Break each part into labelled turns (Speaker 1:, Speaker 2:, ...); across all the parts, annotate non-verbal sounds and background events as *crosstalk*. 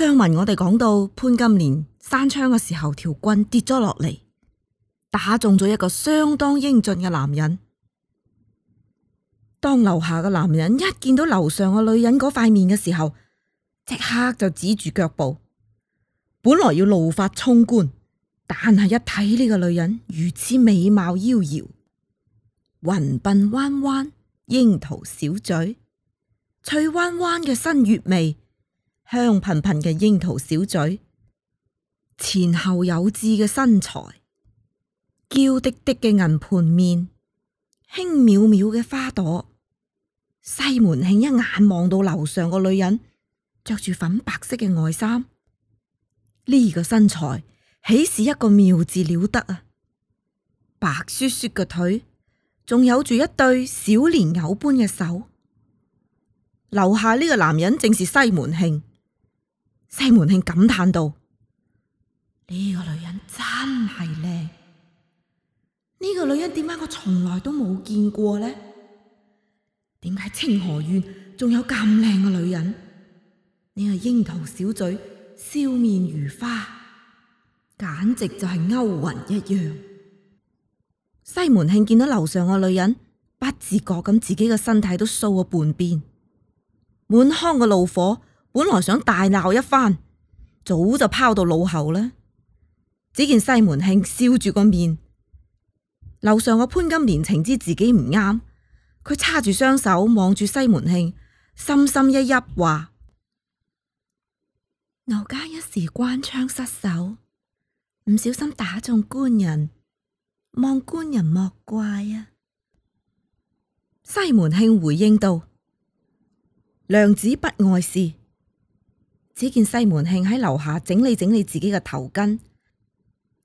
Speaker 1: 上文我哋講到潘金蓮山槍嘅時候，條棍跌咗落嚟，打中咗一個相當英俊嘅男人。當樓下嘅男人一見到樓上嘅女人嗰塊面嘅時候，即刻就止住腳步。本來要怒髮衝冠，但係一睇呢個女人如此美貌妖嬈，雲鬢彎彎，櫻桃小嘴，翠彎彎嘅新月眉。香噴噴嘅櫻桃小嘴，前後有致嘅身材，嬌滴滴嘅銀盤面，輕渺渺嘅花朵。西門慶一眼望到樓上個女人，着住粉白色嘅外衫，呢個身材豈是一個妙字了得啊！白雪雪嘅腿，仲有住一對小蓮藕般嘅手。樓下呢個男人正是西門慶。西門慶感嘆道：呢個女人真係靚，呢、這個女人點解我從來都冇見過呢？點解清河縣仲有咁靚嘅女人？你、這個櫻桃小嘴，笑面如花，簡直就係勾魂一樣。西門慶見到樓上個女人，不自覺咁自己嘅身體都酥咗半邊，滿腔嘅怒火。本來想大鬧一番，早就拋到腦後啦。只見西門慶笑住個面，樓上個潘金蓮情知自己唔啱，佢叉住雙手望住西門慶，心心一泣，話：奴家一時關窗失手，唔小心打中官人，望官人莫怪啊。西門慶回應道：娘子不礙事。只見西門慶喺樓下整理整理自己嘅頭巾，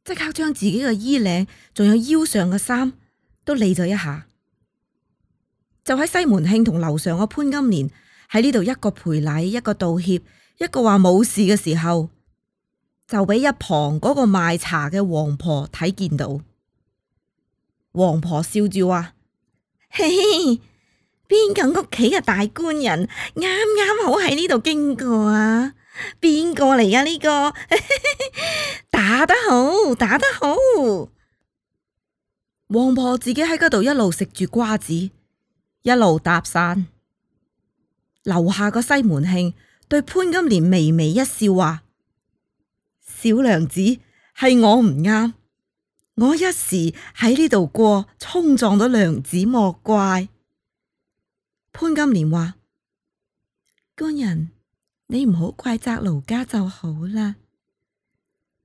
Speaker 1: 即刻將自己嘅衣領仲有腰上嘅衫都理咗一下，就喺西門慶同樓上嘅潘金蓮喺呢度一個賠禮一個道歉，一個話冇事嘅時候，就俾一旁嗰個賣茶嘅王婆睇見到，王婆笑住話：嘿嘿，邊個屋企嘅大官人啱啱好喺呢度經過啊！邊個嚟啊？呢、這個 *laughs* 打得好，打得好！王婆自己喺嗰度一路食住瓜子，一路搭訕，樓下個西門慶對潘金蓮微微一笑話，話：小娘子係我唔啱，我一時喺呢度過衝撞到娘子，莫怪。潘金蓮話：官人。你唔好怪責奴家就好啦。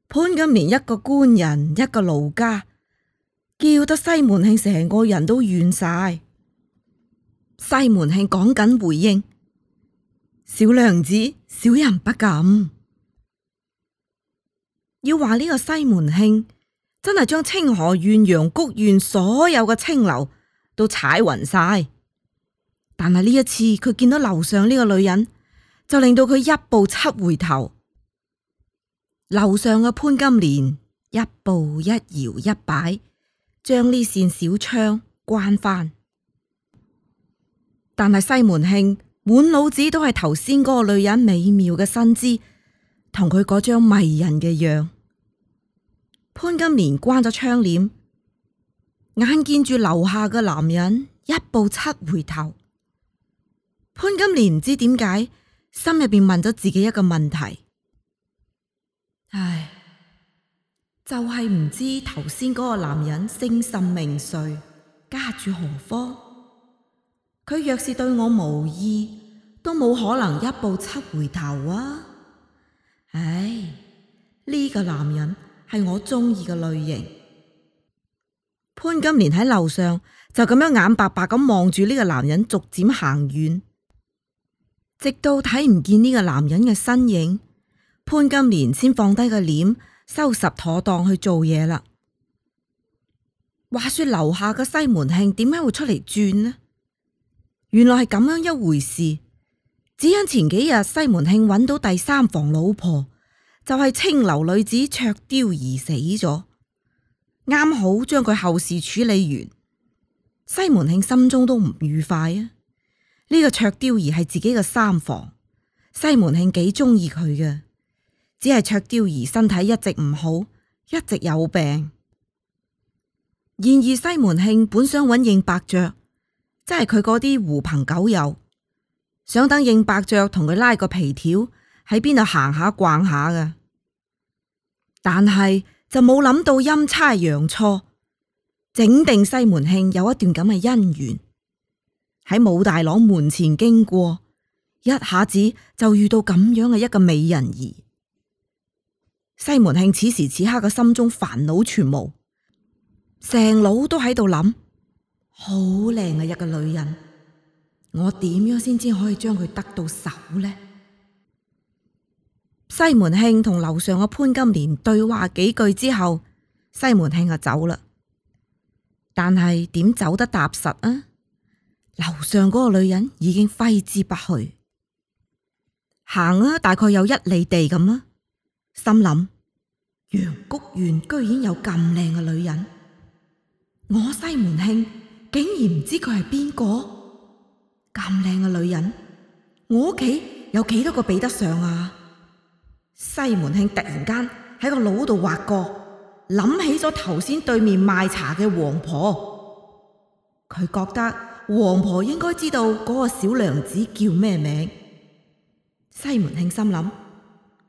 Speaker 1: 潘金蓮一個官人，一個奴家，叫得西門慶成個人都怨晒。西門慶趕緊回應，小娘子，小人不敢。要話呢個西門慶真係將清河縣、陽谷縣所有嘅青樓都踩暈晒。但係呢一次，佢見到樓上呢個女人。就令到佢一步七回頭。樓上嘅潘金蓮一步一搖一擺，將呢扇小窗關翻。但係西門慶滿腦子都係頭先嗰個女人美妙嘅身姿同佢嗰張迷人嘅樣。潘金蓮關咗窗簾，眼見住樓下嘅男人一步七回頭。潘金蓮唔知點解。心入邊問咗自己一個問題，唉，就係、是、唔知頭先嗰個男人姓甚名誰，家住何方？佢若是對我無意，都冇可能一步七回頭啊！唉，呢、這個男人係我中意嘅類型。潘金蓮喺樓上就咁樣眼白白咁望住呢個男人，逐漸，逐漸行遠。直到睇唔見呢個男人嘅身影，潘金蓮先放低個臉，收拾妥當去做嘢啦。話說樓下嘅西門慶點解會出嚟轉呢？原來係咁樣一回事，只因前幾日西門慶揾到第三房老婆，就係青樓女子卓貂兒死咗，啱好將佢後事處理完，西門慶心中都唔愉快啊。呢個卓雕兒係自己嘅三房，西門慶幾中意佢嘅，只係卓雕兒身體一直唔好，一直有病。然而西門慶本想搵應伯爵，即係佢嗰啲狐朋狗友，想等應伯爵同佢拉個皮條，喺邊度行下逛下噶，但係就冇諗到陰差陽錯，整定西門慶有一段咁嘅姻緣。喺武大郎門前經過，一下子就遇到咁樣嘅一個美人兒。西門慶此時此刻嘅心中煩惱全無，成腦都喺度諗，好靚嘅一個女人，我點樣先至可以將佢得到手呢？西門慶同樓上嘅潘金蓮對話幾句之後，西門慶就走啦。但係點走得踏實啊？樓上嗰個女人已經揮之不去，行啊，大概有一里地咁啊。心諗楊谷園居然有咁靚嘅女人，我西門慶竟然唔知佢係邊個咁靚嘅女人，我屋企有幾多個比得上啊？西門慶突然間喺個腦度劃過，諗起咗頭先對面賣茶嘅王婆，佢覺得。王婆應該知道嗰個小娘子叫咩名？西門慶心諗：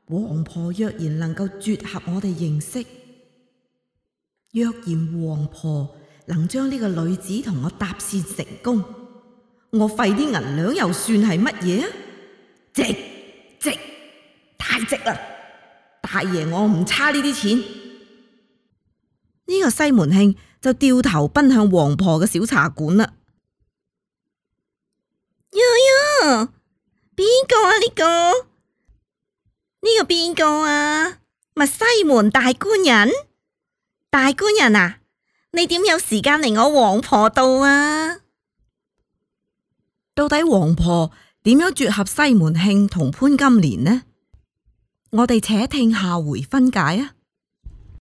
Speaker 1: 王婆若然能夠撮合我哋認識，若然王婆能將呢個女子同我搭線成功，我費啲銀兩又算係乜嘢啊？值值太值啦！大爺我唔差呢啲錢。呢個西門慶就掉頭奔向王婆嘅小茶館啦。喲喲，邊個啊？呢個，呢個邊個啊？咪西門大官人，大官人啊，你點有時間嚟我王婆度啊？到底王婆點樣撮合西門慶同潘金蓮呢？我哋且聽下回分解啊！